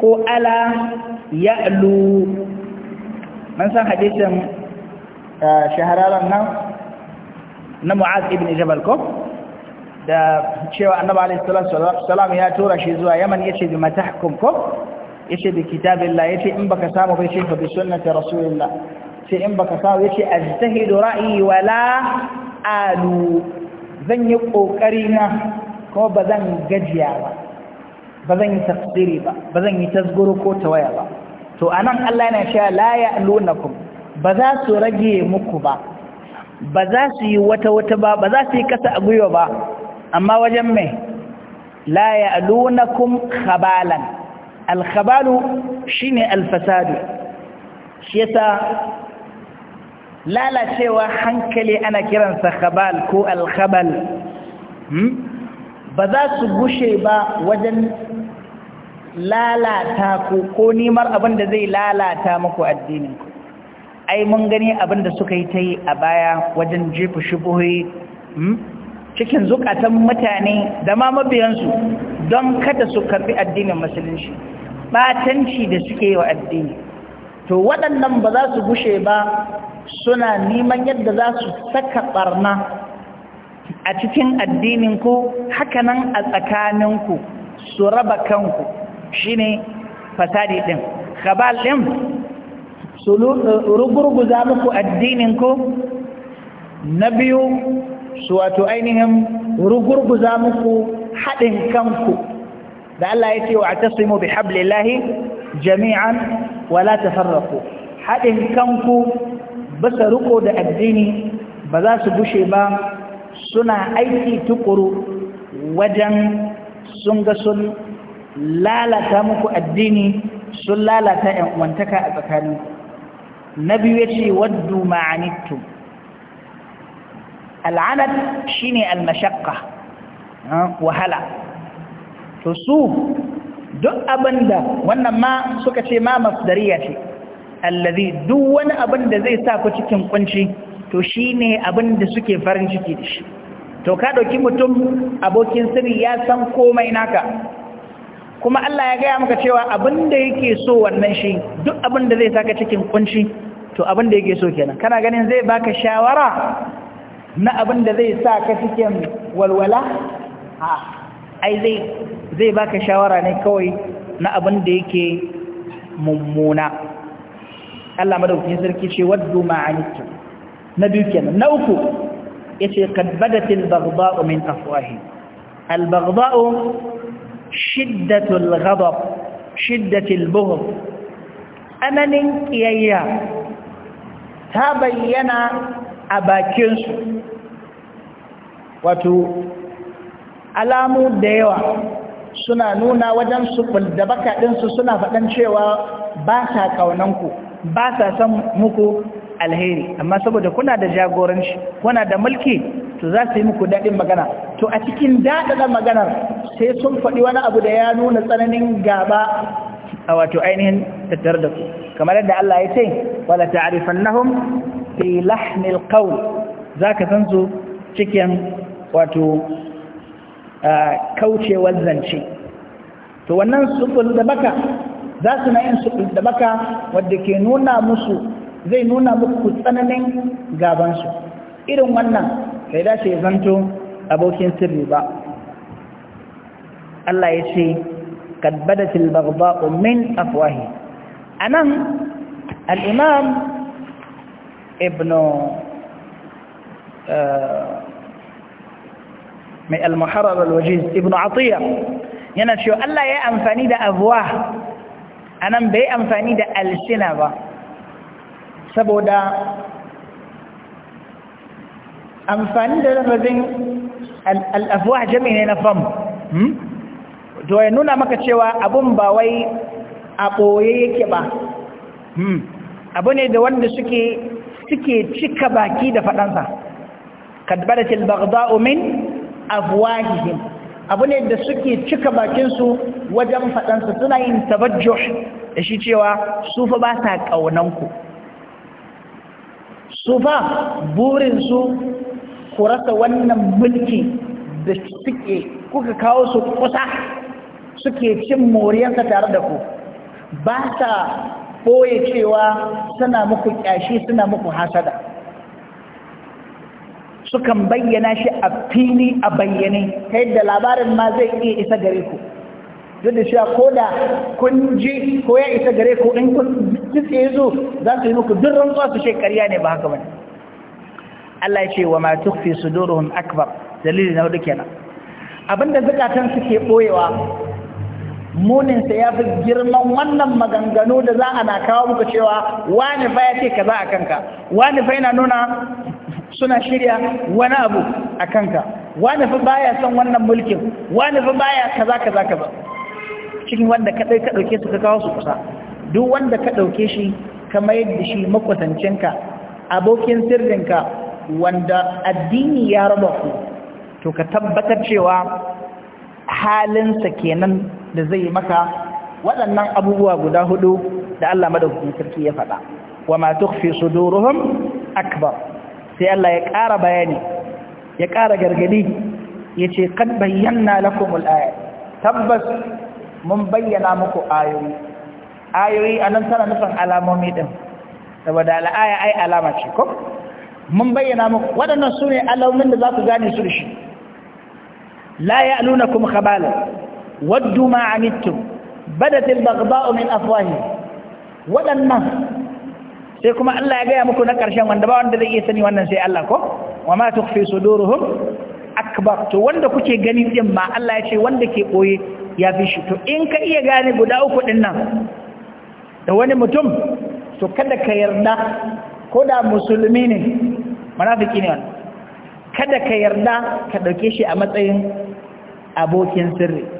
ko ala ya'lu man san hadisin shahararan nan na mu'az ibn jabal ko da cewa annabi alaihi salatu wasallam ya tura shi zuwa yaman yace bi matahkum ko yace bi kitabillah yace in baka samu bai ce fa bi sunnati rasulillah sai in baka samu yace ajtahidu ra'yi wala alu zan yi kokari na ko bazan gajiya ba bazan yi tafsiri ba bazan yi tasguru ko tawaya ba to anan Allah yana cewa la ya'lunakum ba za su rage muku ba ba za su yi wata wata ba ba za su yi kasa a gwiwa ba amma wajen mai la ya'lunakum khabalan alkhabalu shine alfasadu shi yasa lalacewa hankali ana kiransa khabal ko alkhabal hmm? ba za su gushe ba wajen lalata ku ko nimar abin da zai lalata muku addininku. ai mun gani abin da suka yi ta yi a baya wajen jefa shubuhi hmm? cikin zukatan mutane da ma mabiyansu don kada su karbi addinin musulunci batanci da suke wa addini to waɗannan ba za su gushe ba suna neman yadda za su saka ɓarna a cikin addinin addininku hakanan a tsakaninku su raba kanku shine fasadi ɗin kabal ɗin su rugurguza muku addininku na biyu su wato ainihin rugurguza muku haɗin kanku da Allah ya ce wa atasimu bi hablillahi jami'an wala ta tafarraqu haɗin kanku basa riko da addini ba za su bushe ba suna aiki tukuru wajen sun ga sun lalata muku addini sun lalata ‘yan uwantaka a tsakaninku na biyu ya ce waddu ma'anittu al'anad shine al-mashaqqa wahala to su duk abinda wannan ma suka ce ma masdariya ce allazi duk wani abin da zai sa ku cikin kunci to shine abin da suke farin ciki da shi to ka dauki mutum abokin sirri ya san komai naka kuma Allah ya gaya maka cewa abin da yake so wannan shi duk abin zai saka cikin kunci to abin da yake so kenan kana ganin zai baka shawara na abin da zai sa ka cikin walwala ha ai zai zai baka shawara ne kawai na abin da yake mummuna Allah madaukakin sarki ce waddu ma'anitu na biyu kenan na uku yace kad badatil baghdha'u min afwahi al baghdha'u shiddatu al ghadab shiddatu al bughd amanin qiyayya ta bayyana a bakinsu wato alamu da yawa suna nuna wajen su da baka ɗinsu suna faɗan cewa ba sa ƙaunanku ba sa san muku alheri amma saboda kuna da jagoranci kuna da mulki to za su yi muku daɗin magana to a cikin daɗaɗa maganar sai sun faɗi wani abu da ya nuna tsananin gaba a wato ainihin tattar da ku kamar yadda Allah ya ce wala ta'rifannahum fi lahnil qawl zaka san cikin wato kaucewar zance to wannan subul da baka za su na yin subul da baka wadda ke nuna musu zai nuna muku tsananin gabansu irin wannan bai dace ya zanto abokin sirri ba Allah ya ce kad badatil baghdha'u min afwahi anan al-imam Ibnu mai al muharar al-wajiz Ibnu atiyya yana cewa Allah ya amfani da abuwa nan bai amfani da alsina ba saboda amfani da lafazin al-afuwa jami ne na fam to ya nuna maka cewa abun ba wai a ɓoye yake ba abu ne da wanda suke suke cika baki da faɗansa kadbaratil baghdha'u min afwahihim abu ne da suke cika bakinsu wajen faɗansa suna yin tabajjuh da shi cewa su fa ba sa ƙaunanku su fa burinsu ku rasa wannan mulki da suke kuka kawo su kusa suke cin moriyarsa tare da ku ba sa boye cewa suna muku ƙyashi suna muku hasada sukan bayyana shi a fili a bayyane ta yadda labarin ma zai iya isa gare ku duk da cewa ko da kun ji ko ya isa gare ku in kun kitse zo za su yi muku duk rantsuwa su ce ƙarya ne ba haka bane Allah ya ce wa ma tukfi suduruhum akbar dalili na hudu kenan abinda zakatan suke boyewa muninsa ya fi girman wannan maganganu da za a na kawo muku cewa wani fa ya ce kaza a kanka wani fa yana nuna suna shirya wani abu a kanka wani fa baya son wannan mulkin wani fa baya kaza kaza kaza cikin wanda ka ɗauke dauke su ka kawo su kusa duk wanda ka ɗauke shi ka yadda da shi makwasancinka abokin sirrinka wanda addini ya raba ku to ka tabbatar cewa halinsa kenan da zai maka waɗannan abubuwa guda hudu da Allah madaukakin sarki ya faɗa wa ma tukhfi suduruhum akbar sai Allah ya ƙara bayani ya ƙara gargadi yace kad bayyana lakumul ayat tabbas mun bayyana muku ayoyi ayoyi anan tana nufin alamomi din saboda aya ai alama ce ko mun bayyana muku waɗannan su ne alamomin da za ku gane su da shi la ya'lunakum khabala waddu ma anittum badat albaghda'u min afwahihim waɗannan sai kuma Allah ya gaya muku na ƙarshen wanda ba wanda zai iya sani wannan sai Allah ko wa ma tukhfi suduruhum akbar to wanda kuke gani din ma Allah ya ce wanda ke koye ya fi shi to in ka iya gane guda uku din nan da wani mutum to kada ka yarda ko da musulmi ne munafiki ne kada ka yarda ka dauke shi a matsayin abokin sirri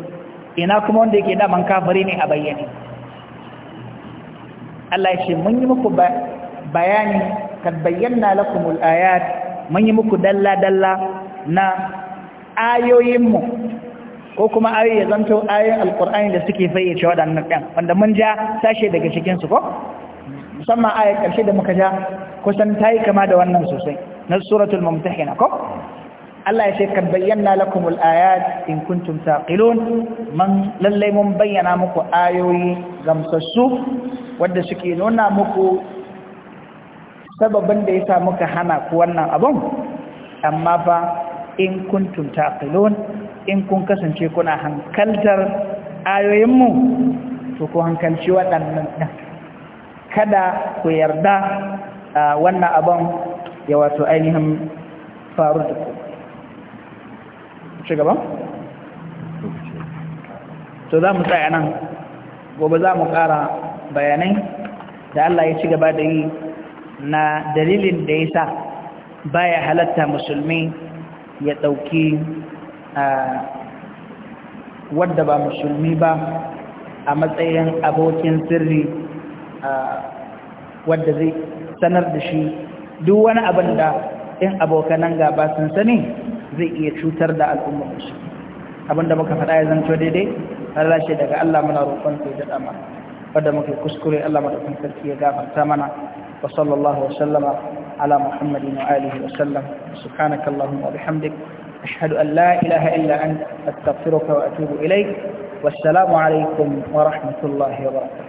ina kuma wanda yake daman kafiri ne a bayyane Allah ya ce mun yi muku bayani kad bayyana lakumul ayat mun yi muku dalla dalla na ayoyinmu ko kuma ayoyi zanto ayoyin alkur'ani da suke fayyace waɗannan ɗan wanda mun ja sashe daga cikin su ko musamman ayar ƙarshe da muka ja kusan tayi kama da wannan sosai na suratul mumtahina ko Allah ya ce ka bayyana lakumul ayat in kuntum taqilun man lalle mun bayyana muku ayoyi gamsassu wanda suke nuna muku sababin da yasa muka hana ku wannan abun amma fa in kuntum taqilun in kun kasance kuna hankaltar ayoyinmu to ku hankalci waɗannan kada ku yarda wannan abun ya wato ainihin faru da ku ci gaba? to za mu tsaya nan gobe za mu ƙara bayanai da Allah ya ci gaba da yi na dalilin da ya sa baya halatta musulmi ya ɗauki wadda ba musulmi ba a matsayin abokin sirri wadda zai sanar da shi duk wani abin da in abokanan gaba sun sani zai iya cutar da al'ummar shi abinda muka faɗa ya zanto daidai Allah shi daga Allah muna roƙon ku da dama wanda muke kuskure Allah madaukakin sarki ya gafarta mana wa sallallahu wa sallama ala muhammadin wa alihi wa sallam subhanaka allahumma wa bihamdik ashhadu an la ilaha illa anta astaghfiruka wa atubu ilaik wassalamu alaikum wa rahmatullahi wa barakatuh